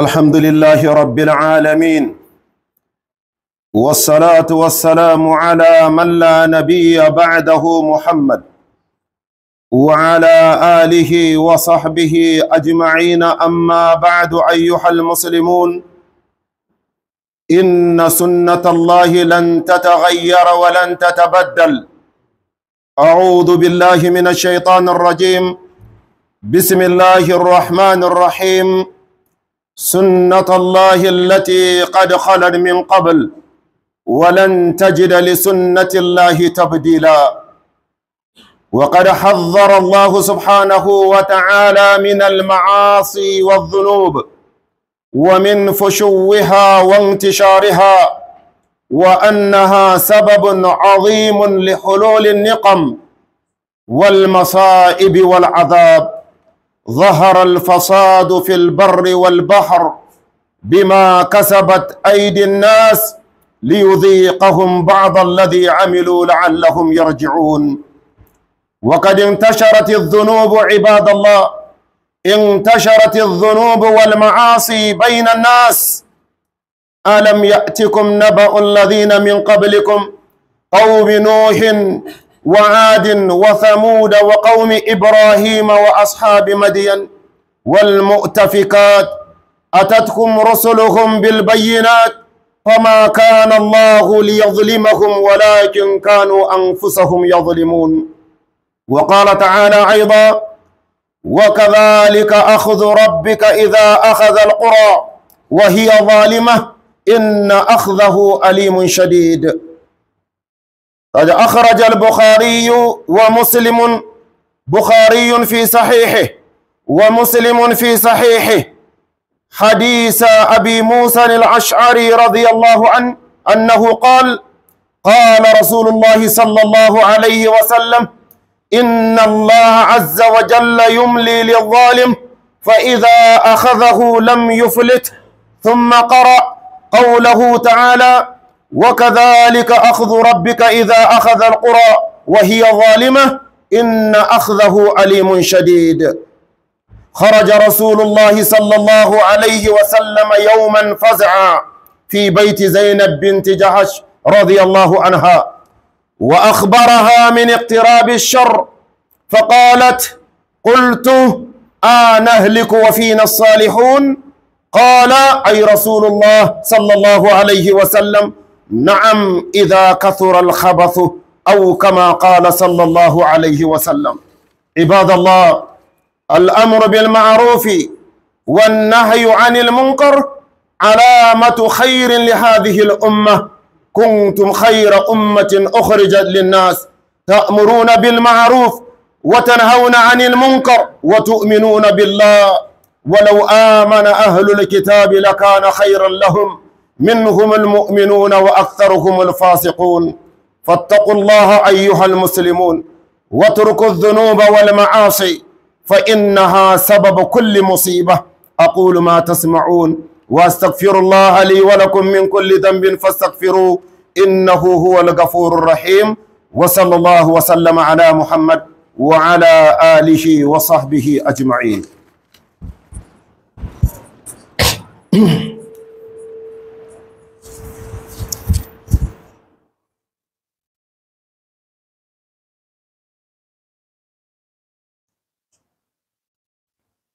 الحمد لله رب العالمين والصلاة والسلام على من لا نبي بعده محمد وعلى آله وصحبه أجمعين أما بعد أيها المسلمون إن سنة الله لن تتغير ولن تتبدل أعوذ بالله من الشيطان الرجيم بسم الله الرحمن الرحيم سنة الله التي قد خلت من قبل ولن تجد لسنة الله تبديلا وقد حذر الله سبحانه وتعالى من المعاصي والذنوب ومن فشوها وانتشارها وأنها سبب عظيم لحلول النقم والمصائب والعذاب ظهر الفساد في البر والبحر بما كسبت أيدي الناس ليذيقهم بعض الذي عملوا لعلهم يرجعون وقد انتشرت الذنوب عباد الله انتشرت الذنوب والمعاصي بين الناس ألم يأتكم نبأ الذين من قبلكم قوم نوح وعاد وثمود وقوم إبراهيم وأصحاب مدين والمؤتفكات أتتكم رسلهم بالبينات فما كان الله ليظلمهم ولكن كانوا أنفسهم يظلمون وقال تعالى أيضا وكذلك أخذ ربك إذا أخذ القرى وهي ظالمة إن أخذه أليم شديد قد أخرج البخاري ومسلم بخاري في صحيحه ومسلم في صحيحه حديث أبي موسى الأشعري رضي الله عنه أنه قال قال رسول الله صلى الله عليه وسلم إن الله عز وجل يملي للظالم فإذا أخذه لم يفلت ثم قرأ قوله تعالى وكذلك أخذ ربك إذا أخذ القرى وهي ظالمة إن أخذه أليم شديد خرج رسول الله صلى الله عليه وسلم يوما فزعا في بيت زينب بنت جحش رضي الله عنها وأخبرها من اقتراب الشر فقالت قلت نهلك وفينا الصالحون قال أي رسول الله صلى الله عليه وسلم نعم إذا كثر الخبث أو كما قال صلى الله عليه وسلم عباد الله الأمر بالمعروف والنهي عن المنكر علامة خير لهذه الأمة كنتم خير أمة أخرجت للناس تأمرون بالمعروف وتنهون عن المنكر وتؤمنون بالله ولو آمن أهل الكتاب لكان خيرا لهم منهم المؤمنون وأكثرهم الفاسقون فاتقوا الله أيها المسلمون واتركوا الذنوب والمعاصي فإنها سبب كل مصيبة أقول ما تسمعون واستغفر الله لي ولكم من كل ذنب فاستغفروه إنه هو الغفور الرحيم وصلى الله وسلم على محمد وعلى آله وصحبه أجمعين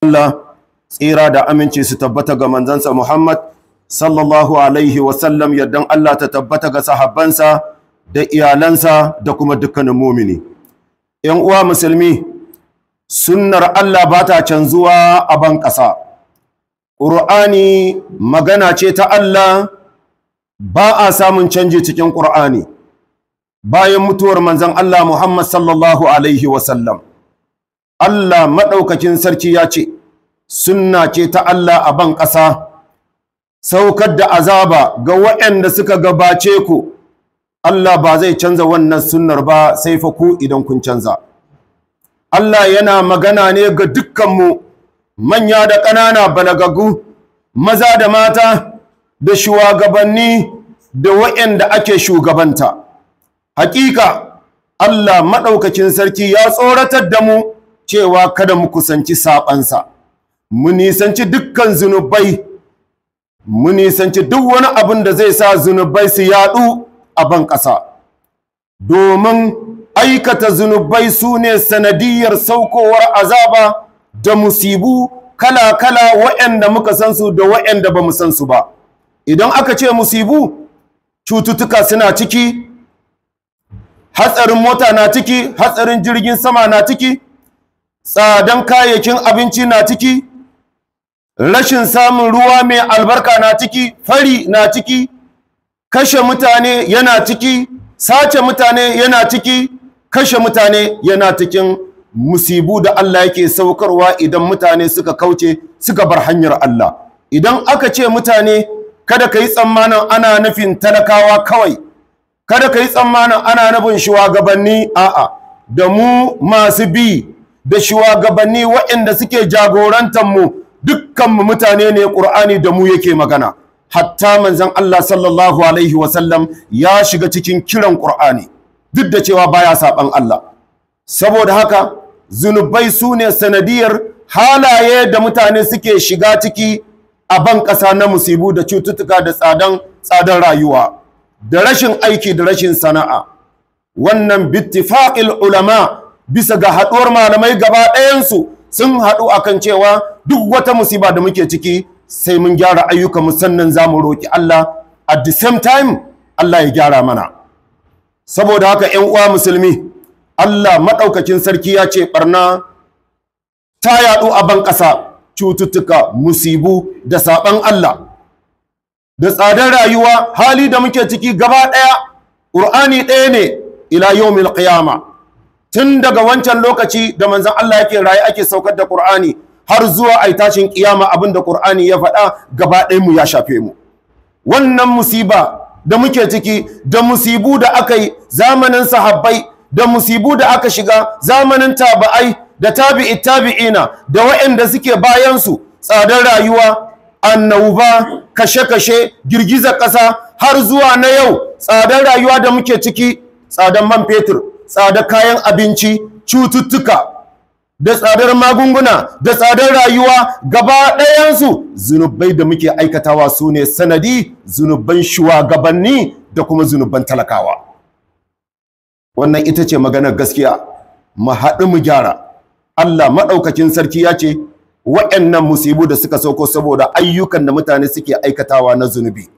Allah tsira da aminci su tabbata ga manzansa Muhammad sallallahu alaihi wasallam yadda Allah ta tabbata ga sahabbansa da iyalansa da kuma dukkanin mumini ‘yan uwa musulmi sunnar Allah ba ta canzuwa a ban ƙasa ƙur'ani magana ce ta Allah ba a samun canji cikin ƙur'ani bayan mutuwar manzan Allah Muhammad sallallahu alaihi wasallam Allah maɗaukakin sarki ya ce sunna ce ta Allah a ban ƙasa saukar da azaba ga waɗanda suka gabace ku Allah ba zai canza wannan sunnar ba sai fa ku idan kun canza Allah yana magana ne ga dukkanmu manya da ƙanana balagagu maza da mata da shugabanni da waɗanda ake shugabanta hakika Allah maɗaukacin sarki ya tsoratar da mu cewa kada mu kusanci saɓansa. mu nisanci dukkan zunubai mu nisanci duk wani abin da zai sa zunubai su yaɗu a ban ƙasa domin aikata zunubai su ne sanadiyar saukowar azaba da musibu kala-kala wa'anda muka san su da wa'anda ba mu san su ba idan aka ce musibu cututtuka suna ciki hatsarin mota na ciki hatsarin jirgin sama na ciki tsadan kayayyakin abinci na ciki rashin samun ruwa mai albarka na ciki fari na ciki kashe mutane yana ciki sace mutane yana ciki kashe mutane yana cikin musibu da Allah yake saukarwa idan mutane suka kauce suka bar hanyar Allah idan aka ce mutane kada ka yi tsammanin ana nufin talakawa kawai kada ka yi tsammanin ana nufin shugabanni a'a da mu masu bi da shugabanni waɗanda suke jagorantar mu dukkanmu mutane ne ƙur'ani da mu yake magana hatta manzon Allah sallallahu alaihi wasallam ya shiga cikin kiran ƙur'ani duk da cewa baya saban Allah saboda haka zunubai su ne sanadiyar halaye da mutane suke shiga ciki a ban ƙasa na musibu da cututtuka da tsadan tsadan rayuwa da rashin aiki da rashin sana'a wannan bittifaqil ulama bisa ga haɗuwar malamai gaba ɗayansu sun haɗu akan cewa duk wata musiba da muke ciki sai mun gyara ayyukan mu sannan za mu roƙi Allah at the same time Allah ya gyara mana saboda haka ƴan uwa musulmi Allah maɗaukakin sarki ya ce barna ta yaɗu a ban ƙasa cututtuka musibu da saɓan Allah da tsadar rayuwa hali da muke ciki gaba ɗaya ƙur'ani ɗaya ne ila yawmil qiyama tun daga wancan lokaci da manzon Allah yake raye ake saukar da Qur'ani har zuwa ai tashin kiyama da Qur'ani ya faɗa gaba ɗaya mu ya shafe mu wannan musiba da muke ciki da musibu da aka yi zamanin sahabbai da musibu da aka shiga zamanin tabi'ai da tabi'i tabi'ina da waɗanda suke bayan su tsadar rayuwa annauba kashe-kashe girgizar ƙasa har zuwa na yau tsadar rayuwa da muke ciki tsadar man fetur tsadar kayan abinci cututtuka da tsadar magunguna da tsadar rayuwa gaba ɗayansu zunubai da muke aikatawa su ne sanadi zunuban shugabanni da kuma zunuban talakawa wannan ita ce maganar gaskiya mu haɗu mu gyara Allah maɗaukakin sarki ya ce waɗannan musibu da suka sauko saboda ayyukan da mutane suke aikatawa na zunubi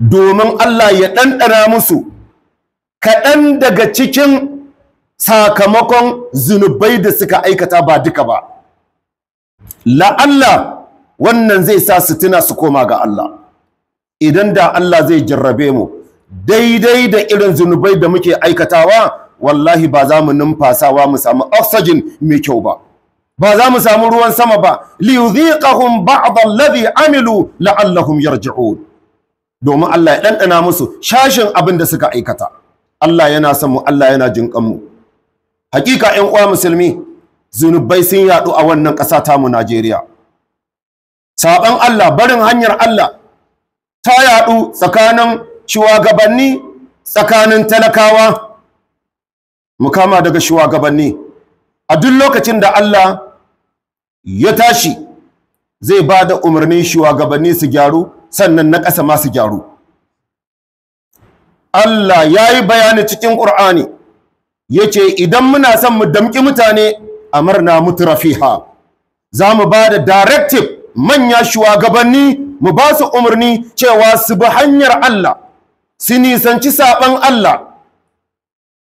domin Allah ya ɗanɗana musu kaɗan daga cikin sakamakon zunubai da suka aikata ba duka ba la'alla wannan zai sa su tuna su koma ga Allah idan da Allah zai jarrabe mu daidai da irin zunubai da muke aikatawa wallahi ba za mu numfasawa mu samu oxygen mai kyau ba ba za mu samu ruwan sama ba liyudhiqahum ba'd alladhi amilu la'allahum yarji'un domin Allah ya ɗanɗana musu shashin abin da suka aikata Allah yana son mu Allah yana jinƙan mu hakika 'yan uwa musulmi zunubai sun yaɗu a wannan ƙasa ta mu Najeriya saban Allah barin hanyar Allah ta yaɗu tsakanin shugabanni tsakanin talakawa mu kama daga shugabanni a duk lokacin da Allah ya tashi zai ba da umarnin shugabanni su gyaru sannan na ƙasa ma su gyaru Allah ya yi bayani cikin ƙur'ani ya ce idan muna son mu damƙi mutane amarna mutarafiha za mu ba da directive manya shugabanni mu ba su umarni cewa su bi hanyar Allah su nisanci saɓan Allah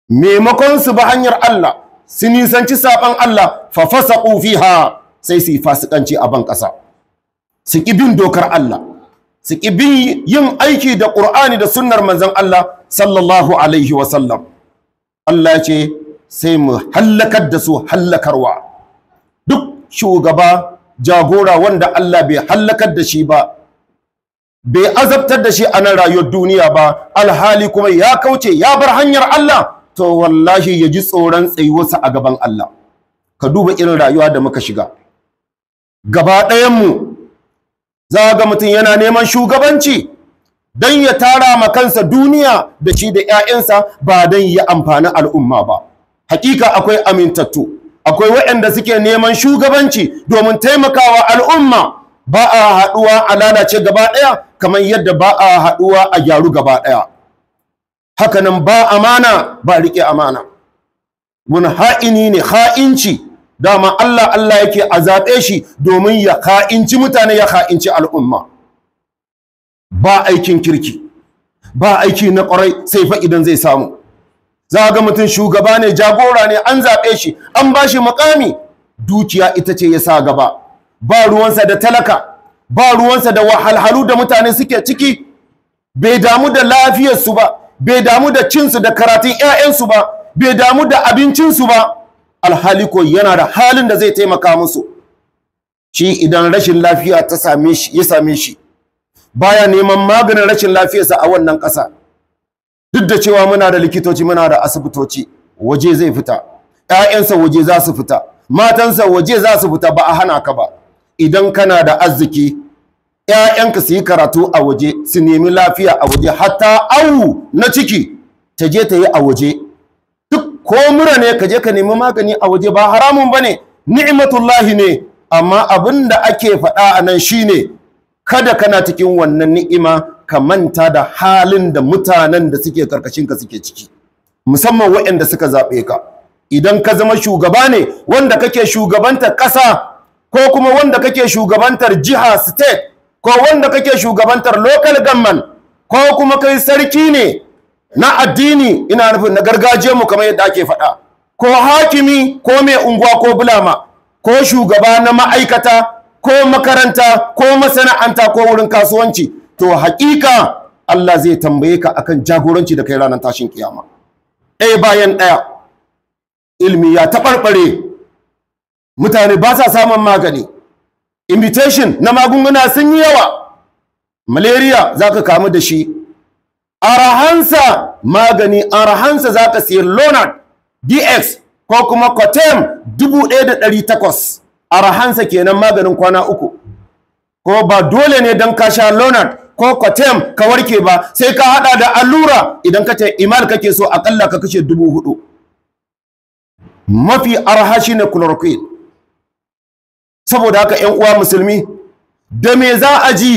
maimakon su bi hanyar Allah su nisanci saɓan Allah fa fasaqu fiha sai su yi fasikanci a ban ƙasa su ƙi bin dokar Allah su ƙi bin yin aiki da ƙur'ani da sunnar manzon Allah sallallahu alaihi wasallam Allah ce sai mu hallakar da su hallakarwa duk shugaba jagora wanda Allah bai hallakar da shi ba bai azabtar da shi a nan rayuwar duniya ba alhali kuma ya kauce ya bar hanyar Allah to wallahi ya ji tsoron tsayuwarsa a gaban Allah ka duba irin rayuwa da muka shiga gaba ɗayanmu za ga mutum yana neman shugabanci Dan ya tara ma kansa duniya da shi da 'ya'yansa ba dan ya amfani al'umma ba hakika akwai amintattu akwai waɗanda suke neman shugabanci domin taimakawa al'umma ba a haɗuwa a lalace gaba ɗaya kamar yadda ba a haɗuwa a gyaru gaba ɗaya hakanan ba amana ba riƙe amana wani ha'ini ne ha'inci dama Allah Allah yake a shi domin ya ha'inci mutane ya ha'inci al'umma ba aikin kirki ba aiki na ƙwarai sai fa idan zai samu za ga mutum shugaba ne jagora ne an zaɓe shi an ba shi makami dukiya ita ce ya sa gaba ba ruwansa da talaka ba ruwansa da wahalhalu da mutane suke ciki bai damu da lafiyarsu ba bai damu da cinsu da karatun 'ya'yansu ba bai damu da abincinsu ba alhaliko yana da halin da zai taimaka musu shi idan rashin lafiya ta same shi ya same shi baya neman maganin rashin lafiyarsa a wannan ƙasa duk da cewa muna da likitoci muna da asibitoci waje zai fita ‘ya'yansa waje za su fita matansa waje za su fita ba a hana ka ba idan kana da arziki ‘ya'yanka su yi karatu a waje su nemi lafiya a waje hatta awu na ciki ta je ta yi a waje duk ko mura ne ka je ka nemi magani a waje ba haramun ba ne ni'imatullahi ne amma abin da ake faɗa a nan shi ne. kada kana cikin wannan ni'ima ka manta da halin da mutanen da suke ka suke ciki musamman waɗanda suka zaɓe ka idan ka zama shugaba ne wanda kake shugabantar ƙasa ko kuma wanda kake shugabantar jiha state ko wanda kake shugabantar local government ko kuma kai sarki ne na addini ina nufin na gargajiya mu kamar yadda ake faɗa ko hakimi ko mai unguwa ko bulama ko shugaba na ma'aikata ko makaranta ko masana'anta ko wurin kasuwanci to hakika Allah zai tambaye ka akan jagoranci da kai ranar tashin kiyama ɗaya bayan ɗaya ilmi ya taɓarɓare mutane ba sa samun magani invitation na magunguna sun yi yawa malaria za ka kamu da shi arahansa magani arahansa za ka siyar lonard dx ko kuma dubu ɗaya da ɗari takwas. arahansa kenan maganin kwana uku ko ba dole ne don ka sha lonard ko kwatem ka warke ba sai ka hada da allura idan ka ce imal kake so akalla ka kashe dubu hudu mafi arhashi ne chloroquine saboda haka yan uwa musulmi da me za a ji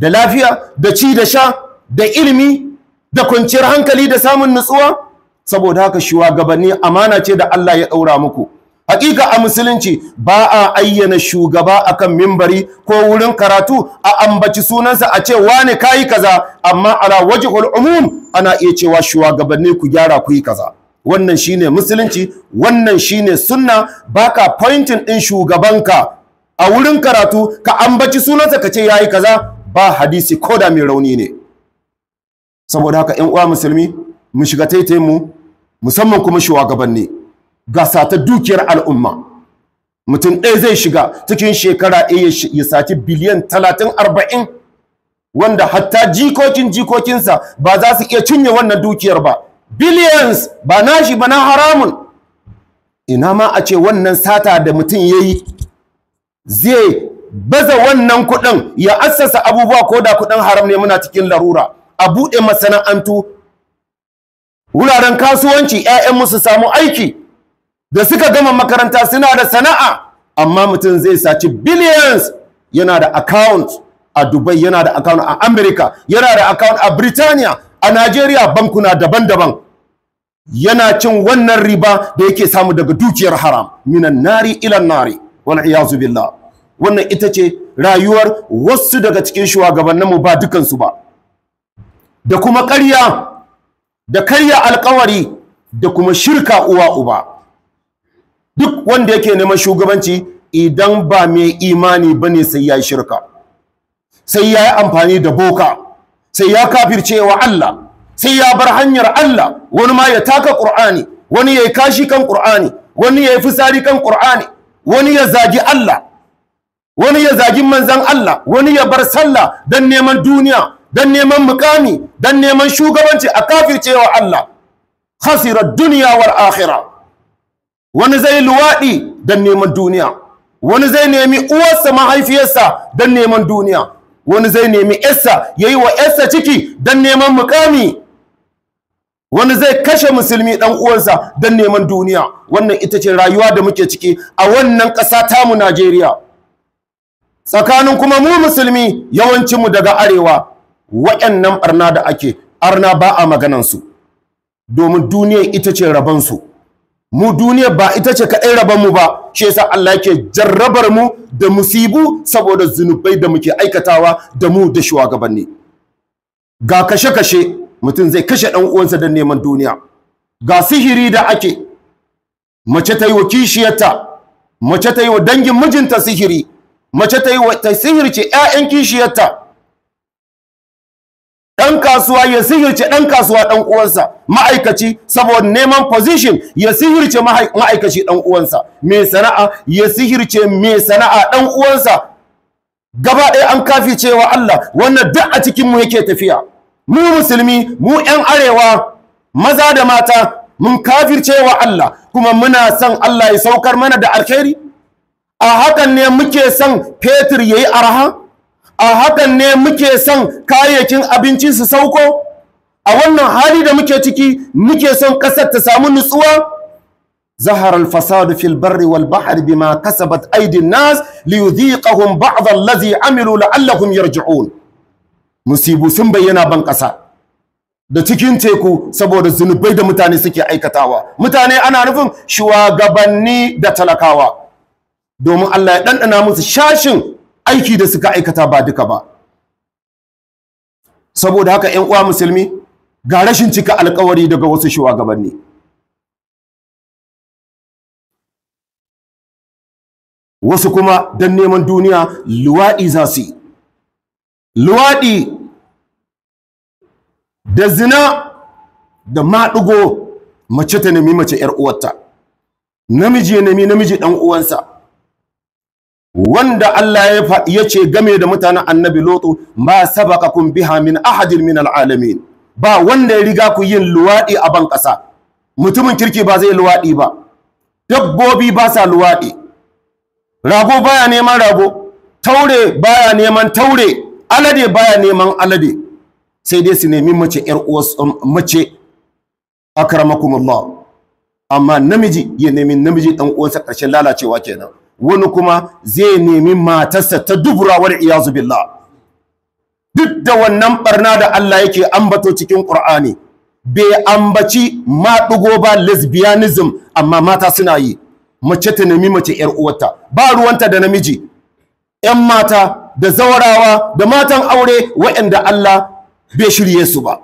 da lafiya da ci da sha da ilimi da kwanciyar hankali da samun nutsuwa saboda haka shugabanni amana ce da Allah ya daura muku hakika a musulunci ba a ayyana shugaba akan mimbari ko wurin karatu a ambaci sunansa a ce wane kayi kaza amma ala wajhul umum ana iya cewa shugabanni ku gyara ku yi kaza wannan shine musulunci wannan shine sunna baka pointing din shugabanka a wurin karatu ka ambaci sunansa ka ce yayi kaza ba hadisi koda mai rauni ne saboda haka ƴan uwa musulmi mu shiga taitayin mu musamman kuma shugabanni Gasa ta dukiyar al'umma mutum ɗaya zai shiga cikin shekara ɗaya ya sati biliyan talatin arba'in wanda hatta jikokin jikokinsa ba za su iya cinye wannan dukiyar ba billions ba nashi ba na haramun ina ma a ce wannan sata da mutum ya yi zai baza wannan kuɗin ya assasa abubuwa ko da kuɗin haram ne muna cikin larura a buɗe masana'antu wuraren kasuwanci 'ya'yan musu samu aiki da suka gama makaranta suna da sana'a amma mutum zai saci billions yana da account a Dubai yana da account a America yana da account a Britania a Nigeria bankuna daban-daban yana cin wannan riba da yake samu daga dukiyar haram minan nari ilan nari wal iyazu billah wannan ita ce rayuwar wasu daga cikin shugabanninmu ba dukansu ba da kuma karya, da karya alkawari da kuma shirka uwa uba duk wanda yake neman shugabanci idan ba mai imani ba ne sai ya shirka sai ya yi amfani da boka sai ya kafirce wa Allah sai ya bar hanyar Allah wani ma ya taka Qur'ani wani ya yi kashi kan Qur'ani wani ya yi fisari kan Qur'ani wani ya zagi Allah wani ya zagi manzan Allah wani ya bar sallah don neman duniya don neman mukami don neman shugabanci a kafircewa Allah khasirar duniya wal akhirah wani zai luwaɗi don neman duniya wani zai nemi uwarsa mahaifiyarsa don neman duniya wani zai nemi yarsa ya yi wa yarsa ciki don neman mukami wani zai kashe musulmi ɗan uwansa don neman duniya wannan ita ce rayuwa da muke ciki a wannan ƙasa mu najeriya tsakanin kuma mu musulmi yawancinmu daga arewa waɗannan ɓarna da ake arna ba a maganansu domin duniya ita ce rabansu mu duniya ba ita ce kaɗai rabar mu ba shi yasa Allah yake jarrabar mu da musibu saboda zunubai da muke aikatawa da mu da shugabanni ga kashe-kashe mutum zai kashe ɗan uwansa don neman duniya ga sihiri da ake mace ta yi wa kishiyarta mace ta yi wa dangin mijinta sihiri mace ta yi wa ta sihirce 'ya'yan kishiyarta ɗan kasuwa ya sihirce ɗan kasuwa ɗan uwansa ma'aikaci saboda neman position ya sihirce ma'aikaci ɗan uwansa mai sana'a ya sihirce mai sana'a ɗan uwansa gaba ɗaya an kafi cewa Allah wannan duk a cikin mu yake tafiya mu musulmi mu ƴan arewa maza da mata mun kafircewa Allah kuma muna son Allah ya saukar mana da alkhairi a hakan ne muke son Petir yayi arha a hakan ne muke son kayayyakin abinci su sauko a wannan hali da muke ciki muke son ƙasar ta samu nutsuwa Zahar al-fasad fil barri wal bahr bima kasabat aydin nas yudhiqahum ba'd allazi amilu la'allahum yarji'un musibu sun bayyana ban ƙasa da cikin teku saboda zunubai da mutane suke aikatawa mutane ana nufin Shuwagabanni da talakawa domin Allah ya dandana musu shashin aiki da suka aikata ba duka ba saboda haka ‘yan uwa musulmi ga rashin cika alkawari daga wasu shugabanni wasu kuma don neman duniya luwaɗi za su yi luwaɗi da zina da maɗugo mace ta nemi mace ‘yar uwarta namiji ya nemi namiji ɗan uwansa wanda Allah ya ce game da mutanen annabi lotu ma kun biha min ahadin min alalamin ba wanda ya riga ku yin luwaɗi a ban ƙasa mutumin kirki ba zai luwaɗi ba dabbobi ba sa luwaɗi rago baya neman rago taure baya neman taure alade baya neman alade sai dai su nemi mace ƴar uwas um, mace akramakumullah amma namiji ya nemi namiji ɗan uwansa ƙarshen lalacewa kenan wani kuma zai nemi matarsa ta dubura wani iyazu billah duk da wannan barna da Allah yake ambato cikin Qur'ani bai ambaci maɗigo ba lesbianism amma mata suna yi mace ta nemi mace ‘yar uwarta ba ruwanta da namiji ‘yan mata da zawarawa da matan aure waɗanda Allah bai shirye su ba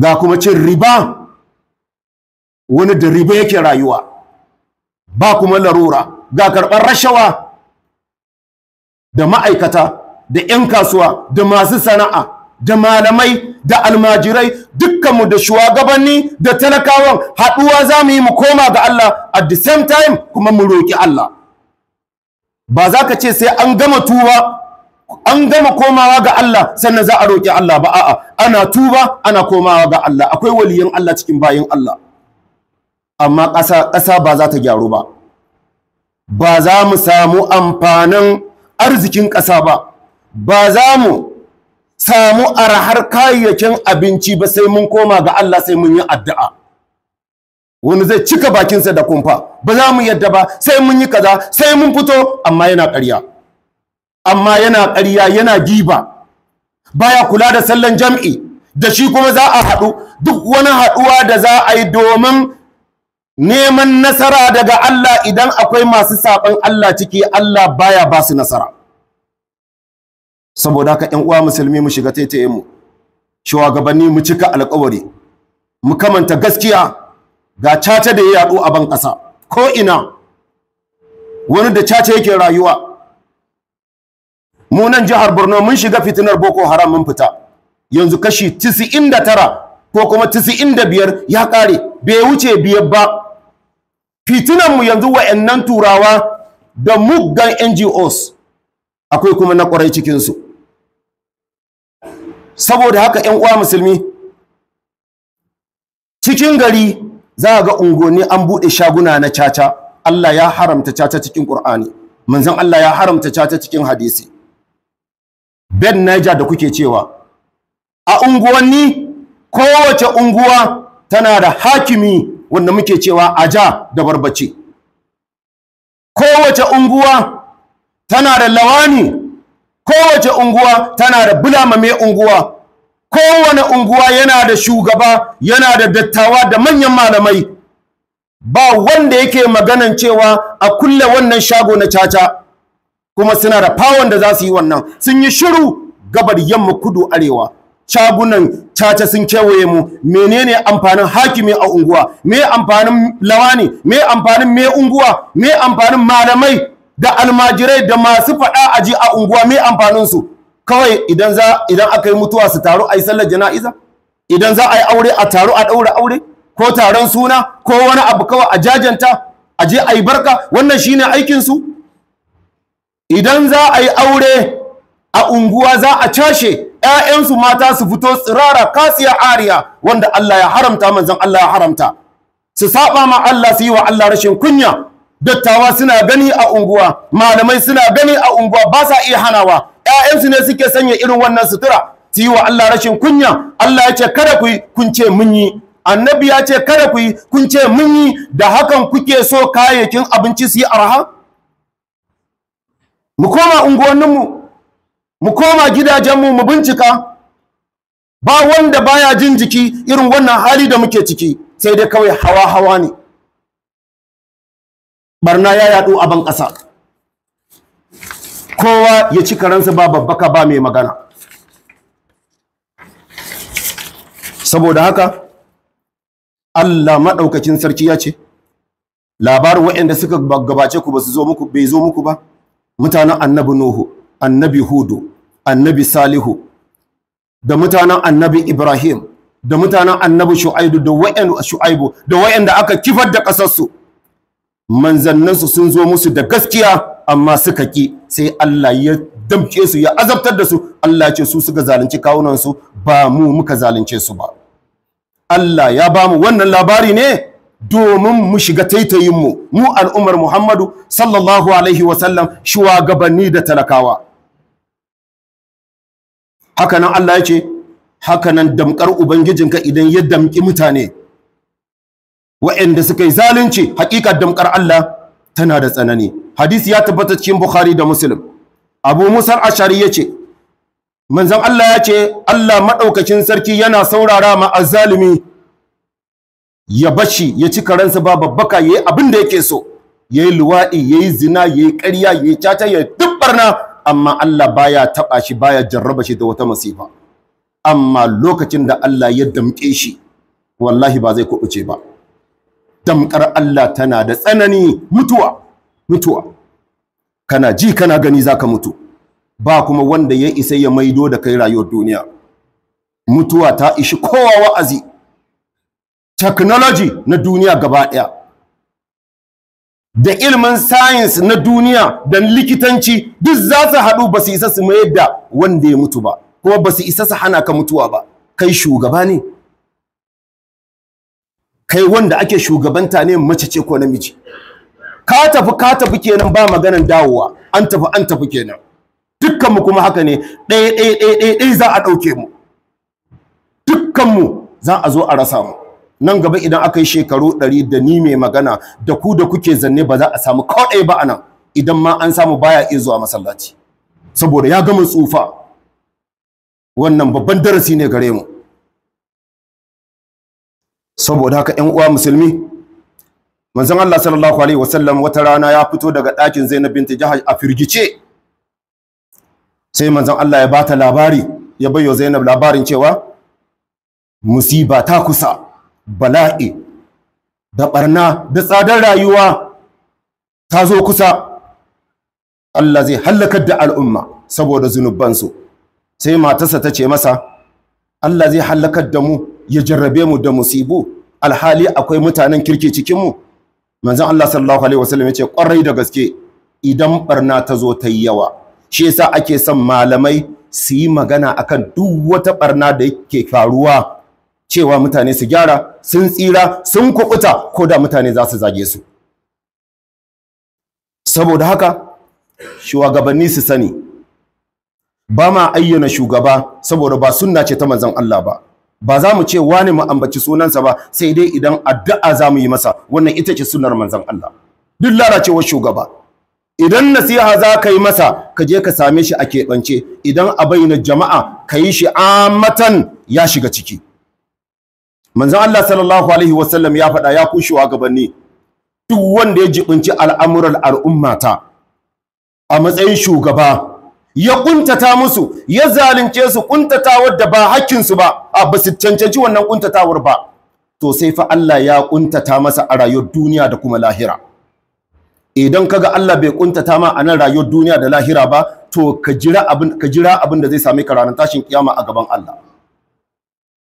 ga kuma cin riba wani da riba yake rayuwa ba kuma larura ga karɓar rashawa da ma'aikata da 'yan kasuwa da masu sana'a da malamai da almajirai dukkanmu da shugabanni da talakawan haɗuwa za mu yi mu koma ga Allah at the same time kuma mu roƙi Allah ba za ka ce sai an gama tuba an gama komawa ga Allah sannan za a roƙi Allah ba a'a ana tuba ana komawa ga Allah akwai waliyan Allah cikin bayin Allah amma ƙasa ƙasa ba za ta gyaru ba ba za mu samu amfanin arzikin ƙasa ba ba za mu samu arhar kayayyakin abinci ba sai mun koma ga Allah sai mun yi addu'a wani zai cika bakinsa da kumfa ba za mu yadda ba sai mun yi kaza sai mun fito amma yana ƙarya amma yana ƙarya yana giba baya kula da sallan jam'i da shi kuma za a haɗu duk wani haɗuwa da za a yi domin neman nasara daga Allah idan akwai masu saɓan Allah ciki Allah baya ba su nasara saboda haka 'yan uwa musulmi mu shiga taitaye mu shugabanni mu cika alƙawari mu kamanta gaskiya ga caca da ya yaɗo a ban ƙasa ko ina wani da caca yake rayuwa mu nan jihar Borno mun shiga fitinar Boko Haram mun fita yanzu kashi 99 ko kuma 95 ya ƙare bai wuce biyar ba fitinanmu yanzu wa'annan turawa da muggan NGOs akwai kuma na ƙwarai cikinsu saboda haka ‘yan uwa musulmi cikin gari za a ga unguwanni an buɗe shaguna na caca Allah ya haramta caca cikin ƙur'ani manzon Allah ya haramta caca cikin hadisi ben naija da kuke cewa a unguwanni kowace unguwa tana da hakimi wanda muke cewa aja da barbace kowace unguwa tana da lawani kowace unguwa tana da bulamame unguwa kowane unguwa yana da shugaba yana da dattawa da manyan malamai ba wanda yake maganan cewa a kulle wannan shago na caca kuma suna da fawon da za su yi wannan sun yi shiru gabar yamma kudu arewa shagunan caca sun kewaye mu menene amfanin hakimi a unguwa me amfanin lawani me amfanin me unguwa me amfanin malamai da almajirai da masu faɗa aji a unguwa me amfanin su kawai idan za idan aka yi mutuwa su taru a yi sallar jana'iza idan za a yi aure a taru a ɗaura aure ko taron suna ko wani abu kawai a jajanta a je a yi barka wannan shine aikin su idan za a yi aure a unguwa za a cashe ‘ya'yansu mata su fito tsirara kasiya ariya wanda Allah ya haramta manzan Allah ya haramta su saba ma Allah su yi wa Allah rashin kunya dattawa suna gani a unguwa malamai suna gani a unguwa ba sa iya hanawa ‘ya'yansu ne suke sanya irin wannan sutura su yi wa Allah rashin kunya Allah ya ce kada ku yi kun ce mun yi annabi ya ce kada ku yi kun ce mun yi da hakan kuke so kayayyakin abinci su yi arha mu koma unguwanninmu mu koma gidajenmu mu bincika ba wanda baya jin jiki irin wannan hali da muke ciki sai dai kawai hawa-hawa ne barna ya yadu a ban ƙasa kowa ya ci karansa ba babbaka ba mai magana saboda haka Allah maɗaukakin sarki ya ce labarin waɗanda suka gabace ku ba su zo muku bai zo muku ba mutanen annabi nuhu annabi hudu annabi salihu da mutanen annabi ibrahim da mutanen annabi shu'aibu da wa'yan shu'aibu da wa'yan aka kifar da ƙasarsu manzannansu sun zo musu da gaskiya amma suka ki sai Allah ya damke su ya azabtar da su Allah ce su suka zalunci kawunansu ba mu muka zalunce su ba Allah ya ba mu wannan labari ne domin mu shiga taitayin mu mu al'ummar Muhammadu sallallahu alaihi wasallam shugabanni da talakawa haka nan Allah ya ce haka nan damkar ubangijinka idan ya damki mutane wa'anda suka yi zalunci hakika damkar Allah tana da tsanani hadisi ya tabbata cikin bukhari da muslim abu Musa ashari ya ce manzan Allah ya ce Allah maɗaukacin sarki yana saurara ma azzalumi ya bashi ya ci karansa ba babbaka ya yi abin da yake so ya yi luwaɗi ya yi zina ya yi ƙarya ya yi cata ya yi duk barna amma Allah baya taba shi baya jarraba shi da wata masifa amma lokacin da Allah ya damke shi wallahi ba zai kubuce ba damkar Allah tana da tsanani mutuwa mutuwa kana ji kana gani zaka mutu ba kuma wanda ya isa ya maido da kai rayuwar duniya mutuwa ta ishi kowa wa'azi technology na duniya gaba daya da ilimin science na duniya da likitanci duk za su haɗu ba su isa su mayar da wanda ya mutu ba kuma ba su isa su hana ka mutuwa ba kai shugaba ne kai wanda ake shugabanta ne mace ce ko namiji ka tafi ka tafi kenan ba maganan dawowa an tafi an tafi kenan dukkanmu kuma haka ne ɗaya ɗaya ɗaya ɗaya za a ɗauke mu dukkanmu za a zo a rasa mu nan gaba idan aka yi shekaru ɗari da ni mai magana da ku da kuke zanne ba za a samu kawai ba anan idan ma an samu baya iya zuwa masallaci saboda ya gama tsufa wannan babban darasi ne gare mu saboda haka ƴan uwa musulmi manzon Allah sallallahu alaihi wasallam wata rana ya fito daga ɗakin Zainab binti Jahaj a firgice sai manzon Allah ya bata labari ya bayyana Zainab labarin cewa musiba ta kusa bala'i da ɓarna da tsadar rayuwa ta zo kusa Allah zai hallakar da al'umma saboda zunubansu sai matarsa ta ce masa Allah zai hallakar da mu ya jarrabe mu da musibu alhali akwai mutanen kirki cikinmu manzon Allah sallallahu alaihi wasallam ya ce kwarai da gaske idan ɓarna ta zo ta yi yawa shi yasa ake son malamai su yi magana akan duk wata ɓarna da yake faruwa cewa mutane su gyara sun tsira sun kuɓuta ko da mutane za su zage su saboda haka shugabanni su sani ba ma ayyana shugaba saboda ba sunna ce ta manzon Allah ba ba za mu ce wani mu ambaci sunansa ba sai dai idan addu'a za mu yi masa wannan ita ce sunnar manzon Allah duk laracewar shugaba idan nasiha za ka yi masa ka je ka same shi a keɓance idan a bayyana jama'a ka yi shi amatan ya shiga ciki manzon Allah sallallahu alaihi wasallam ya faɗa ya kushewa wa gabanni duk wanda ya jibinci al'amuran al'ummata a matsayin shugaba ya kuntata musu ya zalunce su ƙuntatawar da ba hakkin su ba a ba su cancanci wannan kuntatawar ba to sai fa Allah ya kuntata masa a rayuwar duniya da kuma lahira idan kaga Allah bai kuntata ma a nan rayuwar duniya da lahira ba to ka jira abin ka jira abin da zai same ka ranar tashin kiyama a gaban Allah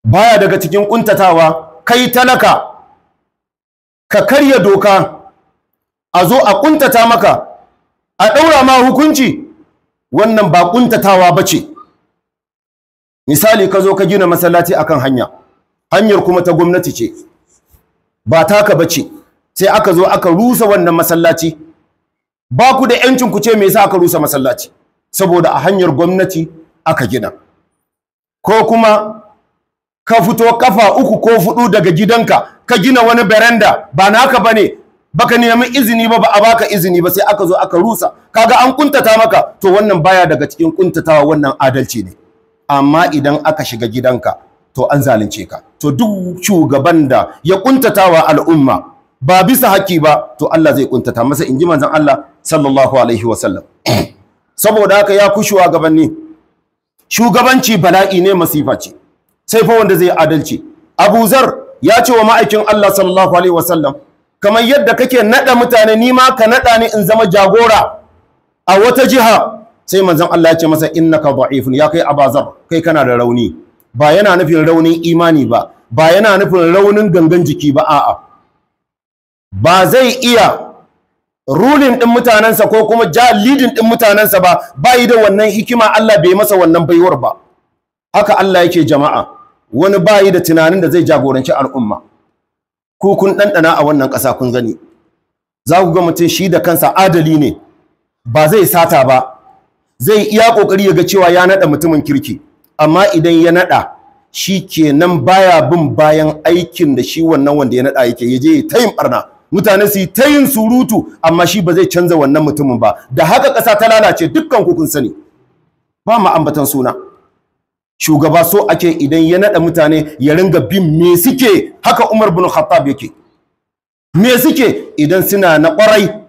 baya daga cikin kuntatawa kai talaka ka karya doka a zo a kuntata maka a ɗaura ma hukunci wannan ba kuntatawa bace misali ka zo ka gina masallaci akan hanya hanyar kuma ta gwamnati ce ba taka bace sai aka zo aka rusa wannan masallaci ba ku da 'yancin ku ce me yasa aka rusa masallaci saboda a hanyar gwamnati aka gina ko kuma ka fito kafa uku ko fudu daga gidanka ka gina wani beranda ba naka bane baka nemi izini ba ba a baka izini ba sai aka zo aka rusa kaga an kuntata maka to wannan baya daga cikin kuntatawa wannan adalci ne amma idan aka shiga gidanka to an zalunce ka to duk shugaban da ya kuntatawa al'umma ba bisa haƙi ba to Allah zai kuntata masa inji manzon Allah sallallahu alaihi wasallam saboda haka ya kushuwa gabanni shugabanci bala'i ne masifa ce sai fa wanda zai adalci Abu Zar ya ce wa ma'aikin Allah sallallahu alaihi wasallam kamar yadda kake nada mutane ni ma ka nada ni in zama jagora a wata jiha sai manzon Allah ya ce masa innaka da'ifun ya kai abazar kai kana da rauni ba yana nufin raunin imani ba ba yana nufin raunin gangan jiki ba a'a ba zai iya rulin din mutanansa ko kuma ja leading din mutanansa ba bai da wannan hikima Allah bai masa wannan baiwar ba haka Allah yake jama'a wani bayi da tunanin da zai jagoranci al'umma ku kun ɗanɗana a wannan ƙasa kun gani za ku ga mutum shi da kansa adali ne ba zai sata ba zai iya ƙoƙari ya ga cewa ya naɗa mutumin kirki amma idan ya naɗa shi kenan baya bin bayan aikin da shi wannan wanda ya naɗa yake ya je ta yin ɓarna mutane su yi ta yin surutu amma shi ba zai canza wannan mutumin ba da haka ƙasa ta lalace dukkan ku kun sani ba mu ambatan suna shugaba so ake idan ya nada mutane ya ringa bin me suke haka Umar bin Khattab yake me suke idan suna na kwarai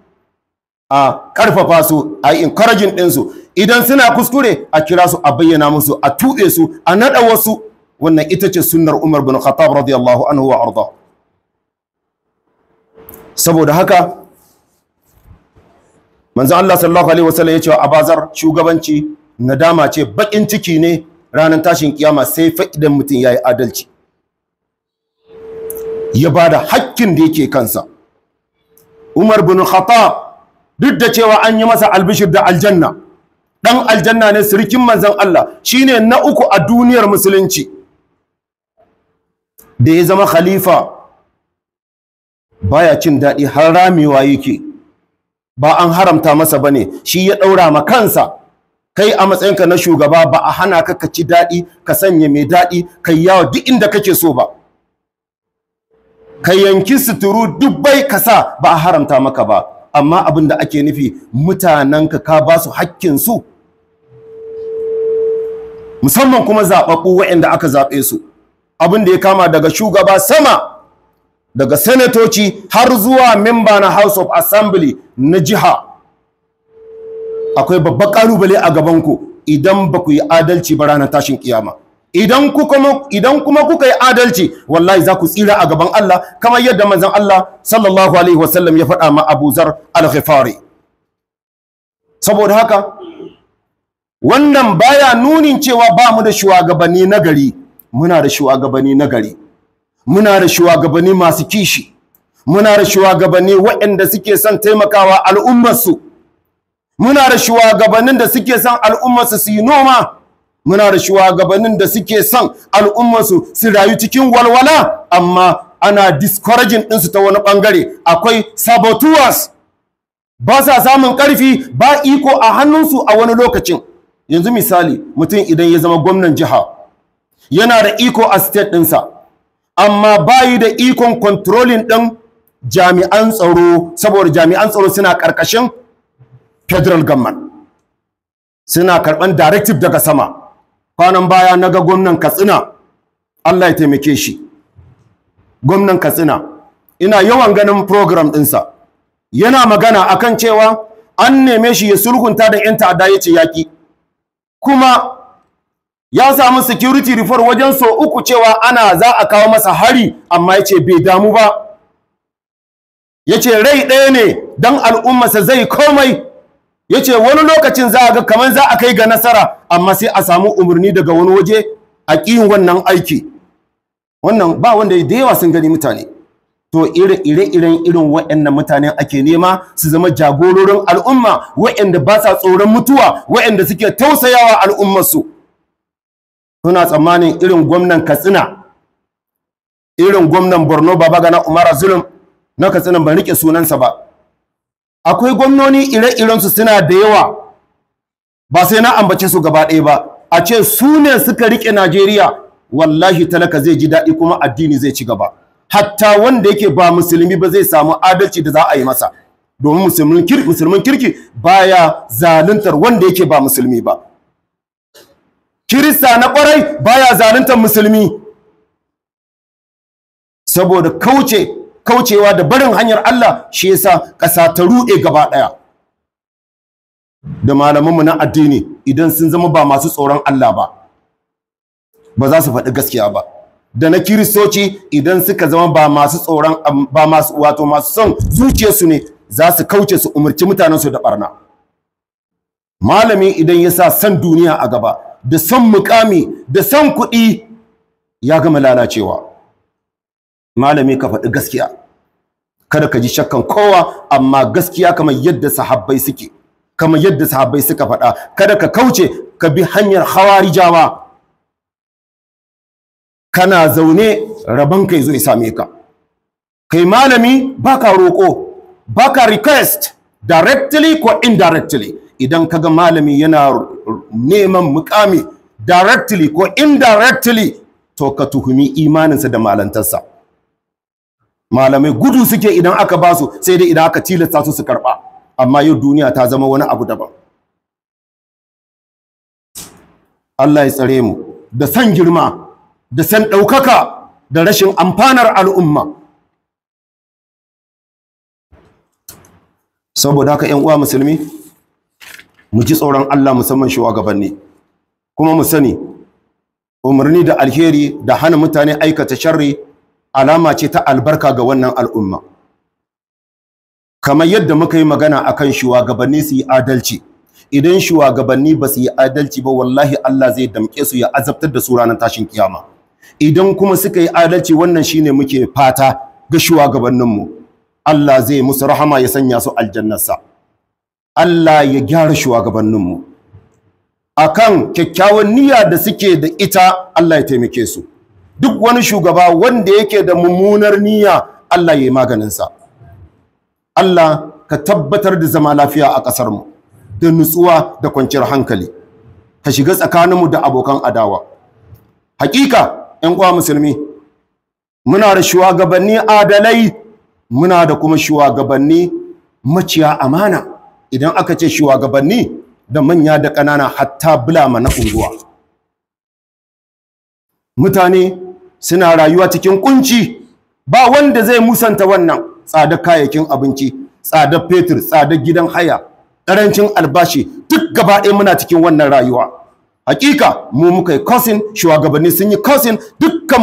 a karfafa su a encouraging din su idan suna kuskure a kira su a bayyana musu a tuɗe su a nada wasu wannan ita ce sunnar Umar bin Khattab radiyallahu anhu wa arda saboda haka manzo Allah sallallahu alaihi wasallam ya ce wa Abazar shugabanci nadama ce bakin ciki ne ranar tashin kiyama sai fa idan mutum ya yi adalci ya ba da hakkin da yake kansa umar bin khattab duk da cewa an yi masa albishir da aljanna dan aljanna ne sirkin manzan Allah shine na uku a duniyar musulunci da ya zama khalifa baya cin daɗi har ramewa yake ba an haramta masa bane shi ya ɗaura ma kansa kai a matsayinka na shugaba ba a hana ka ka ci daɗi ka sanya mai daɗi ka yawo duk inda kake so ba ka yanki suturu duk ka sa ba a haramta maka ba amma abin da ake nufi mutanenka ka ba su haƙƙinsu. musamman kuma zaɓaɓɓu waɗanda aka zaɓe su abin da ya kama daga shugaba sama daga senatoci, har zuwa memba na house of assembly na jiha akwai babban kalubale a gabanku idan ba ku yi adalci ba ranar tashin kiyama idan kuma kuka yi adalci wallahi za ku tsira a gaban Allah kamar yadda manzon Allah sallallahu alaihi wasallam ya faɗa ma Abu Zar al saboda haka wannan baya nunin cewa ba mu da shugabanni nagari muna da shugabanni nagari muna da shugabanni masu kishi muna da shugabanni waɗanda suke son taimakawa al'ummarsu muna da shugabannin da suke son al'ummarsu su yi noma muna da shugabannin da suke son al'ummarsu su rayu cikin walwala amma ana discouraging ɗinsu ta wani ɓangare akwai saboteurs ba sa samun ƙarfi ba iko a hannunsu a wani lokacin yanzu misali mutum idan ya zama gwamnan jiha yana da iko a state ɗinsa amma bayi da ikon controlling ɗin jami'an tsaro saboda jami'an tsaro suna ƙarƙashin federal government suna karban directive daga sama kwanan baya na ga gwamnan katsina allah ya taimake shi gwamnan katsina ina yawan ganin program ɗinsa yana magana akan cewa an neme shi ya sulhunta da 'yan ta'adda ya ce yaƙi kuma ya samu security report wajen so uku cewa ana za a kawo masa hari amma yace bai damu ba yace rai ɗaya ne don al'ummarsa zai komai yace wani lokacin za a ga kamar za a kai ga nasara amma sai a samu umarni daga wani waje a ƙiyin wannan aiki wannan ba wanda da yawa sun gani mutane to irin ire-iren irin waɗannan mutanen ake nema su zama jagororin al'umma waɗanda ba sa tsoron mutuwa waɗanda suke tausayawa al'ummarsu suna tsammanin irin gwamnan katsina irin gwamnan borno baba gana umara zulum na katsina ban rike sunansa ba akwai gwamnoni ire-irensu suna da yawa ba sai na ambace su gaba ɗaya ba a ce su ne suka rike najeriya wallahi talaka zai ji daɗi kuma addini zai ci gaba hatta wanda yake ba musulmi ba zai samu adalci da za a yi masa domin musulmin kirki baya zaluntar wanda yake ba musulmi ba kirista na kwarai baya zaluntar musulmi saboda kauce kaucewa da barin hanyar Allah shi yasa ƙasa ta ruɗe gaba ɗaya da malamanmu na addini idan sun zama ba masu tsoron Allah ba ba za su faɗi gaskiya ba da na kiristoci idan suka zama ba masu tsoron ba masu wato masu son zuciyarsu ne za su kauce su umarci mutanen su da barna malami idan ya sa son duniya a gaba da son mukami da son kuɗi ya gama lalacewa malami ka faɗi gaskiya kada ka ji shakkan kowa amma gaskiya kamar yadda sahabbai suke kamar yadda sahabbai suka faɗa kada ka kauce ka bi hanyar hawarijawa kana zaune rabon kai zo same ka kai malami baka roƙo baka request directly ko indirectly idan kaga malami yana neman mukami directly ko indirectly to ka tuhumi imaninsa da malantarsa malamai gudu suke idan aka ba su sai dai idan aka tilasta su su karba amma yau duniya ta zama wani abu daban Allah ya tsare mu da san girma da san ɗaukaka da rashin amfanar al'umma saboda haka ‘yan uwa musulmi mu ji tsoron Allah musamman shugabanni kuma mu sani umarni da alheri da hana mutane aikata sharri alama ce ta albarka ga wannan al'umma kamar yadda muka yi magana akan shugabanni su yi adalci idan shugabanni ba su yi adalci ba wallahi Allah zai damke su ya azabtar da su ranar tashin kiyama idan kuma suka yi adalci wannan shine muke fata ga shugabanninmu Allah zai musu rahama ya sanya su aljannarsa Allah ya gyara shugabanninmu akan kyakkyawan niyya da suke da ita Allah ya taimake su duk wani shugaba wanda yake da mummunar niyya Allah ya yi maganinsa Allah ka tabbatar da zama lafiya a ƙasarmu da nutsuwa da kwanciyar hankali ka shiga tsakaninmu da abokan adawa hakika ‘yan uwa musulmi muna da shugabanni adalai muna da kuma shugabanni maciya amana idan aka ce shugabanni da manya da ƙanana hatta bulama na unguwa mutane suna rayuwa cikin kunci ba wanda zai musanta wannan tsadar kayayyakin abinci tsadar fetur tsadar gidan haya ƙarancin albashi duk gaba ɗaya muna cikin wannan rayuwa hakika mu muka yi kosin shugabanni sun yi kosin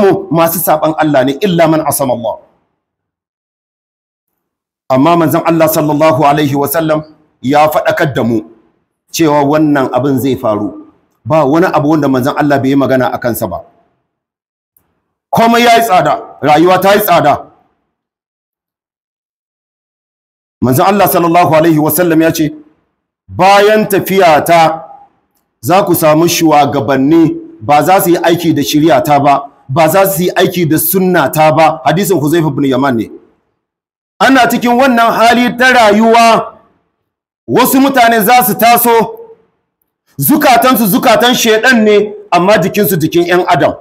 mu masu saɓan Allah ne illa man asama Allah amma manzon Allah sallallahu alaihi wasallam ya faɗakar da mu cewa wannan abin zai faru ba wani abu wanda manzon Allah bai yi magana a kansa ba komai yi tsada rayuwa ta yi tsada manzan Allah sallallahu alaihi wasallam ya ce bayan tafiya ta za ku samu shugabanni ba za su yi aiki da shirya ta ba ba za su yi aiki da sunna ta ba hadisin Huzaifa ibn Yaman ne ana cikin wannan hali ta rayuwa wasu mutane za su taso zukatansu zukatan shaiɗan ne amma jikinsu jikin 'yan adam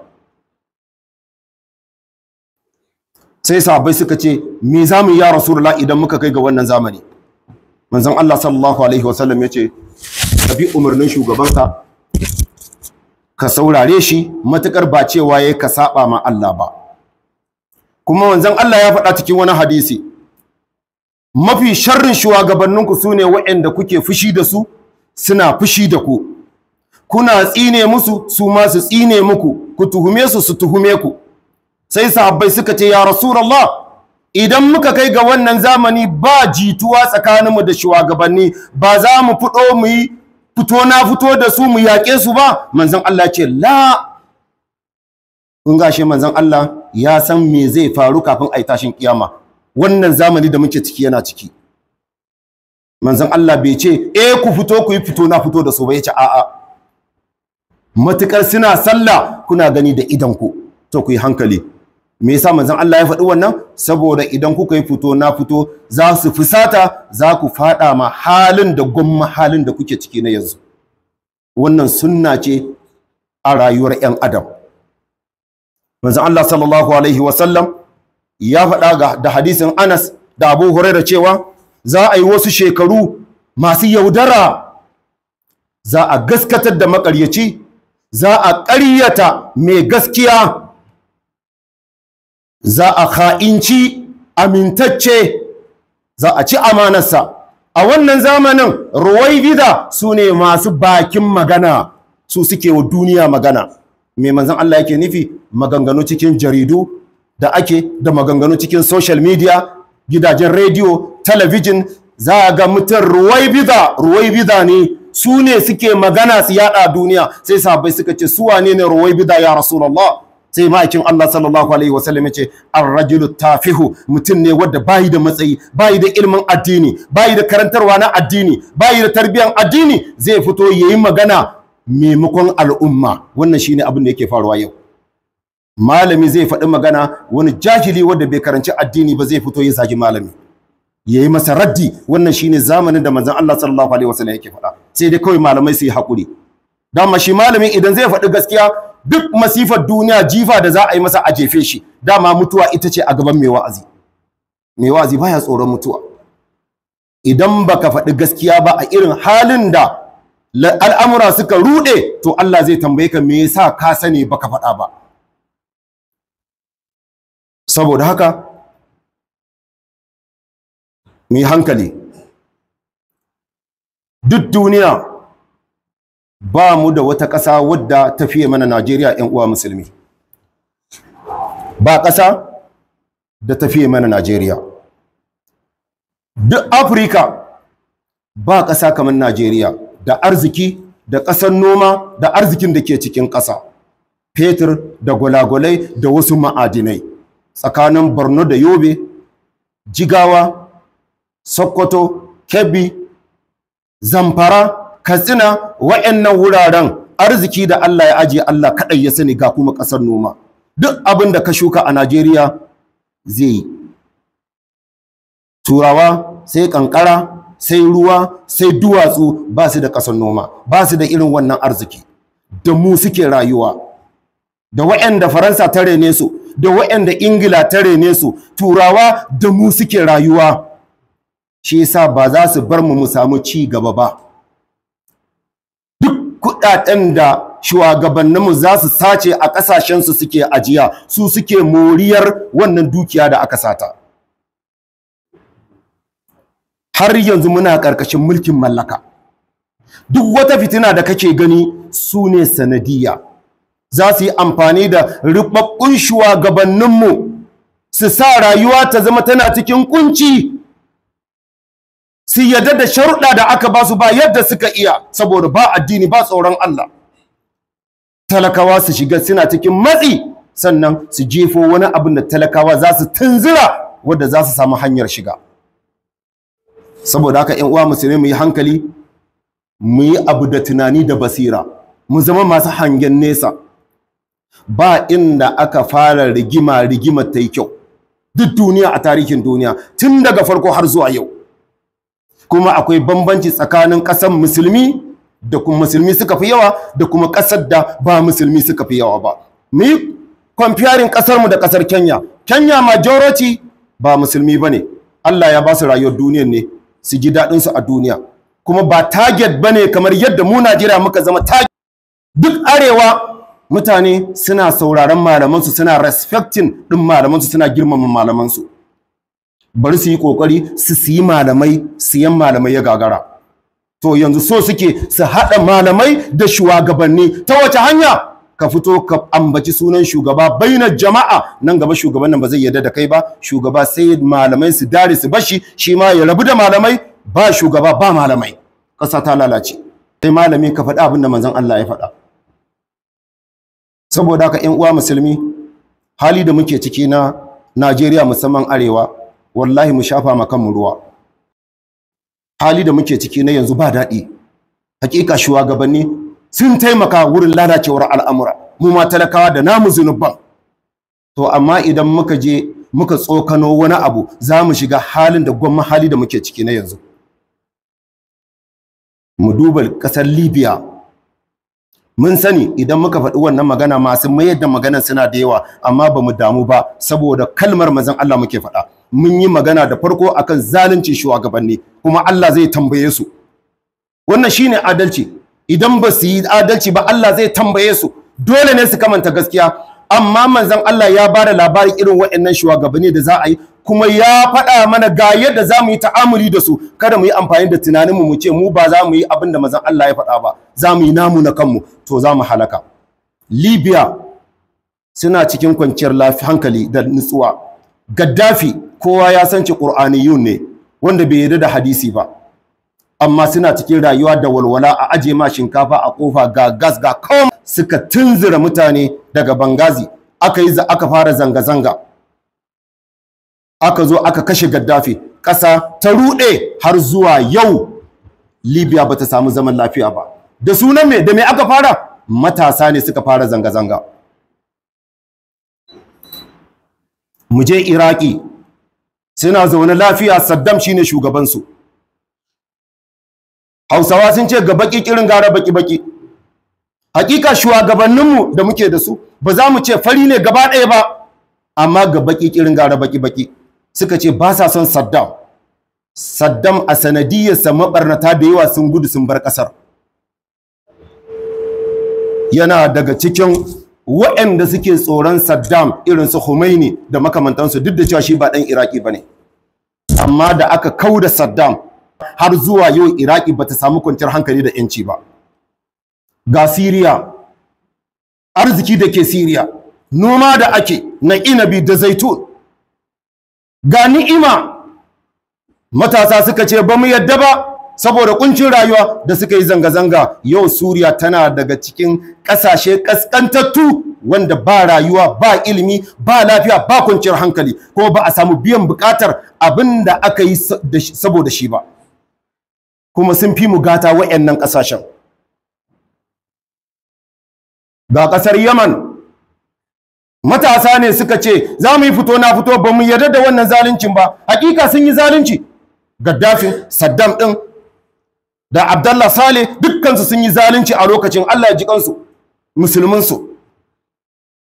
sai sabai suka ce me za mu ya rasulullah idan muka kai ga wannan zamani manzon Allah sallallahu alaihi wasallam ya ce ka bi umarnin shugabanka ka saurare shi matukar ba cewa yayi ka saba ma Allah ba kuma manzon Allah ya faɗa cikin wani hadisi mafi sharrin shugabanninku sune waɗanda kuke fushi da su suna fushi da ku kuna tsine musu su ma su tsine muku ku tuhume su su tuhume ku sai sahabbai suka ce ya rasulullah idan muka kai ga wannan zamani ba jituwa tsakaninmu da shugabanni ba za mu fito mu yi fito na fito da su mu yaƙe su ba manzon Allah ce la in gashi manzon Allah ya san me zai faru kafin a yi tashin kiyama wannan zamani da muke ciki yana ciki manzon Allah bai ce eh ku fito ku yi fito na fito da su ba yace a'a matukar suna sallah kuna gani da idan ku to ku yi hankali me yasa manzon Allah ya faɗi wannan saboda idan kuka yi fito na fito za su fusata za ku faɗa ma halin da gwamma halin da kuke ciki na yanzu wannan sunna ce a rayuwar 'yan adam manzon Allah sallallahu alaihi wasallam ya faɗa da hadisin Anas da Abu Hurairah cewa za a yi wasu shekaru masu yaudara za a gaskatar da makaryaci za a ƙaryata mai gaskiya za a ka'inci amintacce za a ci amanarsa a wannan zamanin vida su ne masu bakin magana su suke wa duniya magana mai manzan Allah yake nufi maganganu cikin jaridu da ake da maganganu cikin social media gidajen rediyo talabijin za a ga mutum ruwai vida ne su ne suke magana su yada duniya sai sabai suka ce suwa ne ne vida ya rasulallah sai ma'aikin Allah sallallahu alaihi wasallam ya ce ar-rajulu tafihu mutum ne wanda bayi da matsayi bayi da ilmin addini bayi da karantarwa na addini bayi da tarbiyan addini zai fito yayi magana maimakon al'umma wannan shine abin da yake faruwa yau malami zai faɗi magana wani jahili wanda bai karanci addini ba zai fito ya zagi malami yayi masa raddi wannan shine zamanin da manzon Allah sallallahu alaihi wasallam yake faɗa sai dai kawai malamai su yi hakuri dama shi malami idan zai faɗi gaskiya duk masifar duniya jifa da za a yi masa a jefe shi dama mutuwa ita ce a gaban mai wa'azi mai wa'azi baya tsoron mutuwa idan baka faɗi gaskiya ba a irin halin da al'amura suka ruɗe to Allah zai tambaye ka me yasa ka sani baka faɗa ba saboda haka mu hankali duk duniya ba mu da wata ƙasa wadda ta fiye mana Najeriya ‘yan uwa musulmi ba ƙasa da ta fiye mana Najeriya duk Afirka ba ƙasa kamar Najeriya da arziki da ƙasar noma da arzikin da ke cikin ƙasa fetur da gwalagwalai da wasu ma'adinai tsakanin Borno da Yobe Jigawa Sokoto Kebbi Zamfara katsina wa'annan wuraren arziki da Allah ya ajiye Allah kaɗai ya sani ga kuma ƙasar noma duk abin da ka shuka a Najeriya zai yi turawa sai kankara sai ruwa sai duwatsu ba su da ƙasar noma ba su da irin wannan arziki da mu suke rayuwa da waɗanda Faransa ta rene su da waɗanda Ingila ta rene su turawa da mu suke rayuwa shi yasa ba za su bar mu mu samu ci gaba ba kuɗaɗen da shugabanninmu za su sace a ƙasashensu suke ajiya su suke moriyar wannan dukiya da aka sata har yanzu muna ƙarƙashin mulkin mallaka duk wata fitina da kake gani su ne sanadiyya za su yi amfani da rubabbun shugabanninmu su sa rayuwa ta zama tana cikin kunci su yadda da sharuɗa da aka ba su ba yadda suka iya saboda ba addini ba tsoron Allah talakawa su shiga suna cikin matsi sannan su jefo wani abin da talakawa za su tunzura wadda za su samu hanyar shiga saboda haka ƴan uwa musulmi mu yi hankali mu yi abu da tunani da basira mu zama masu hangen nesa ba inda aka fara rigima rigima ta yi kyau duk duniya a tarihin duniya tun daga farko har zuwa yau kuma akwai bambanci tsakanin ƙasar musulmi da kuma musulmi suka fi yawa da kuma ƙasar da ba musulmi suka fi yawa ba mu yi kwamfiyarin ƙasarmu da ƙasar kenya kenya majority ba musulmi ba ne allah ya ba su rayuwar duniyar ne su ji daɗinsu a duniya kuma ba target ba ne kamar yadda mu najeriya muka zama target duk arewa mutane suna sauraron malamansu suna respecting ɗin malamansu suna girmama malamansu bari su yi kokari su siyi malamai siyan malamai ya gagara to yanzu so suke su haɗa malamai da shugabanni ta wace hanya ka fito ka ambaci sunan shugaba baina jama'a nan gaba shugaban nan ba zai yarda da kai ba shugaba sai malamai su dare su bashi shi ma ya rabu da malamai ba shugaba ba malamai ƙasa ta lalace sai malami ka faɗa abin da manzon Allah ya faɗa saboda haka ƴan uwa musulmi hali da muke ciki na Najeriya musamman arewa wallahi mu shafa ma kanmu ruwa hali da muke ciki na yanzu ba daɗi hakika shugabanni sun taimaka wurin lalacewar al'amura mu ma talakawa da namu zunuban to amma idan muka je muka tsokano wani abu za mu shiga halin da gwamma hali da muke ciki na yanzu mu duba ƙasar libya mun sani idan muka faɗi wannan magana masu mayar da maganar suna da yawa amma bamu damu ba saboda kalmar mazan allah muke faɗa mun yi magana da farko akan zalunci shugabanni kuma Allah zai tambaye su wannan shine adalci idan ba su yi adalci ba Allah zai tambaye su dole ne su kamanta gaskiya amma manzon Allah ya ba da labarin irin waɗannan shugabanni da za a yi kuma ya faɗa mana ga yadda za mu yi ta'amuli da su kada mu yi amfani da tunaninmu mu ce mu ba za mu yi abin da manzon Allah ya faɗa ba za mu yi namu na kanmu to za mu halaka Libya suna cikin kwanciyar hankali da nutsuwa gaddafi kowa ya sanci ci ne wanda bai yarda da hadisi ba amma suna cikin rayuwa da walwala a aje ma shinkafa a ƙofa ga gas ga kom suka tunzura mutane daga bangazi aka yi aka fara zanga zanga aka zo aka kashe gaddafi ƙasa ta rude har zuwa yau libya bata samu zaman lafiya ba da sunan me da me aka fara matasa ne suka fara zanga zanga mu je iraki suna zaune lafiya saddam shine shugabansu hausawa sun ce ga baki kirin gara baki baki hakika shugabanninmu da muke da su ba za mu ce fari ne gaba ɗaya ba amma ga baki kirin gara baki baki suka ce ba sa son saddam saddam a sanadiyarsa mabarnata da yawa sun gudu sun bar ƙasar yana daga cikin waɗanda suke tsoron Saddam irin su Khomeini da makamantansu duk da cewa shi ba ɗan Iraki ba ne. Amma da aka kau da Saddam har zuwa yau Iraki bata samu kwanciyar hankali da ‘yanci ba. Ga Siriya, arziki da ke Siriya, noma da ake na inabi da zaitun. Ga ni'ima, matasa suka ce ba mu yadda ba saboda kuncin rayuwa da suka yi zanga-zanga yau Suriya tana daga cikin ƙasashe kaskantattu wanda ba rayuwa ba ilimi ba lafiya ba kwanciyar hankali ko ba a samu biyan bukatar abin da aka yi saboda shi ba kuma sun fi mu gata wayannan kasashen ga kasar Yaman matasa ne suka ce za mu yi fito na fito ba mu yarda da wannan zaluncin ba hakika sun yi zalunci Gaddafin Saddam ɗin. da Abdallah Saleh dukkansu sun yi zalunci a lokacin Allah ya ji kansu musulminsu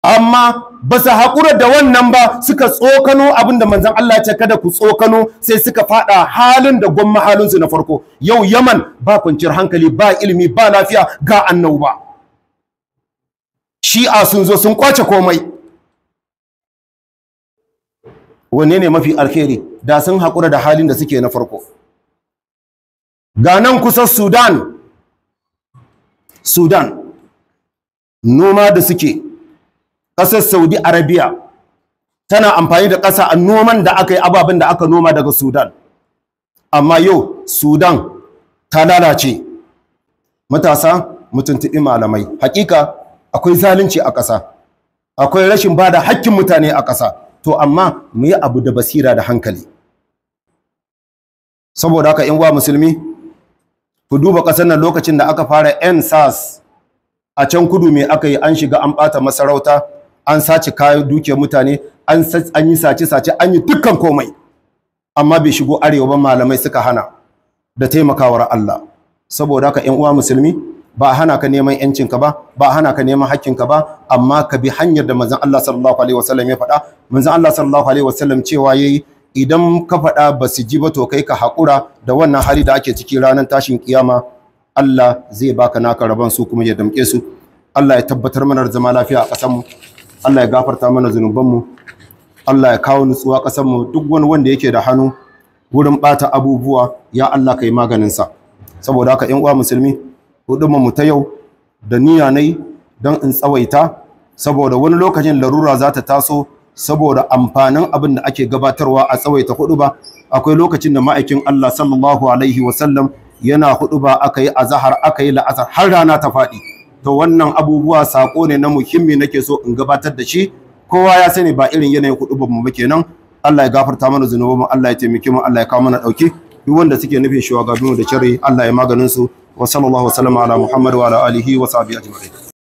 amma ba su haƙura da wannan ba suka tsokano abinda manzon manzan Allah ce kada ku tsokano sai suka faɗa halin da gwamma halinsu na farko yau yaman ba kwanciyar hankali ba ilimi ba lafiya ga ba shi'a sun zo sun kwace komai wanne ne mafi alheri da sun haƙura da halin da suke na farko ga nan kusa sudan sudan noma da suke ƙasar saudi arabia tana amfani da ƙasa a noman da aka yi ababen da aka noma daga sudan amma yau sudan ta lalace matasa mutuntuɓi malamai Haƙiƙa akwai zalunci a ƙasa akwai rashin ba da hakkin mutane a ƙasa to amma mu yi abu da basira da hankali saboda haka in wa musulmi ku duba ƙasar nan lokacin da aka fara ensas a can kudu mai aka yi an shiga an bata masarauta an sace kayan dukiyar mutane an yi sace-sace an yi dukkan komai amma bai shigo arewa ba malamai suka hana da taimakawar Allah saboda haka ƴan uwa musulmi ba hana ka neman yancinka ba ba hana ka neman hakkinka ba amma ka bi hanyar da manzon Allah sallallahu alaihi wasallam ya faɗa manzon Allah sallallahu alaihi wasallam cewa yayi idan ka faɗa ba su ji ba to kai ka haƙura da wannan hali da ake ciki ranar tashin kiyama Allah zai baka naka rabon su kuma ya damƙe su Allah ya tabbatar mana zama lafiya a ƙasarmu Allah ya gafarta mana zunubanmu Allah ya kawo nutsuwa ƙasarmu duk wani wanda yake da hannu wurin bata abubuwa ya Allah ka yi maganinsa saboda haka ƴan uwa musulmi huduma mu ta yau da niyya nai don in tsawaita saboda wani lokacin larura za ta taso saboda amfanin abin da ake gabatarwa a tsawaita hudu ba akwai lokacin da ma'aikin Allah sallallahu alaihi wasallam yana hudu ba aka yi azahar aka yi la'asar har rana ta faɗi to wannan abubuwa sako ne na muhimmi nake so in gabatar da shi kowa ya sani ba irin yanayin hudu ba mu ba kenan Allah ya gafarta mana mu Allah ya taimake mu Allah ya kawo mana dauki duk wanda suke nufin shugabanmu da cire Allah ya maganin su wa sallallahu wa sallam ala Muhammad wa ala alihi wa sahbihi ajma'in